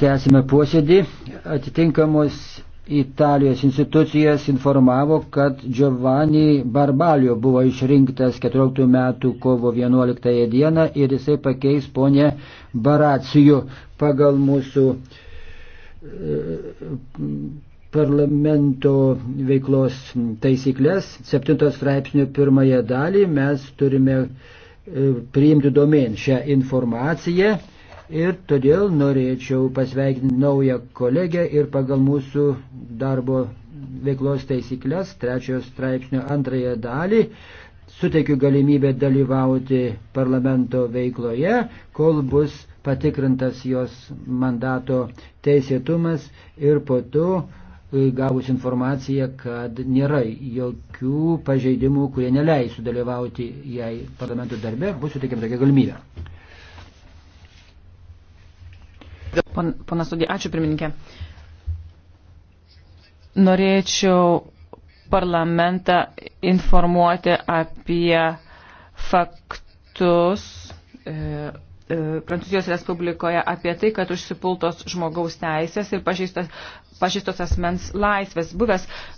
Tęsime posėdį. Atitinkamos Italijos institucijas informavo, kad Giovanni Barbalio buvo išrinktas 14 metų kovo 11 dieną ir jisai pakeis ponę Baracijų pagal mūsų e, parlamento veiklos taisyklės. 7 straipsnio pirmąją dalį mes turime E, priimti domen šią informaciją ir todėl norėčiau pasveikinti naują kolegę ir pagal mūsų darbo veiklos taisyklės, trečiojo straipsnio antrąją dalį, suteikiu galimybę dalyvauti parlamento veikloje, kol bus patikrintas jos mandato teisėtumas ir po to gavus informaciją, kad nėra jokių pažeidimų, kurie neleis sudalyvauti jai parlamento darbe, bus suteikiama tokia galimybė. Pon, Ponas Sudė, ačiū pirmininkė. Norėčiau parlamentą informuoti apie faktus. E, Prancūzijos Respublikoje apie tai, kad užsipultos žmogaus teisės ir pažįstos, pažįstos asmens laisvės. Buvęs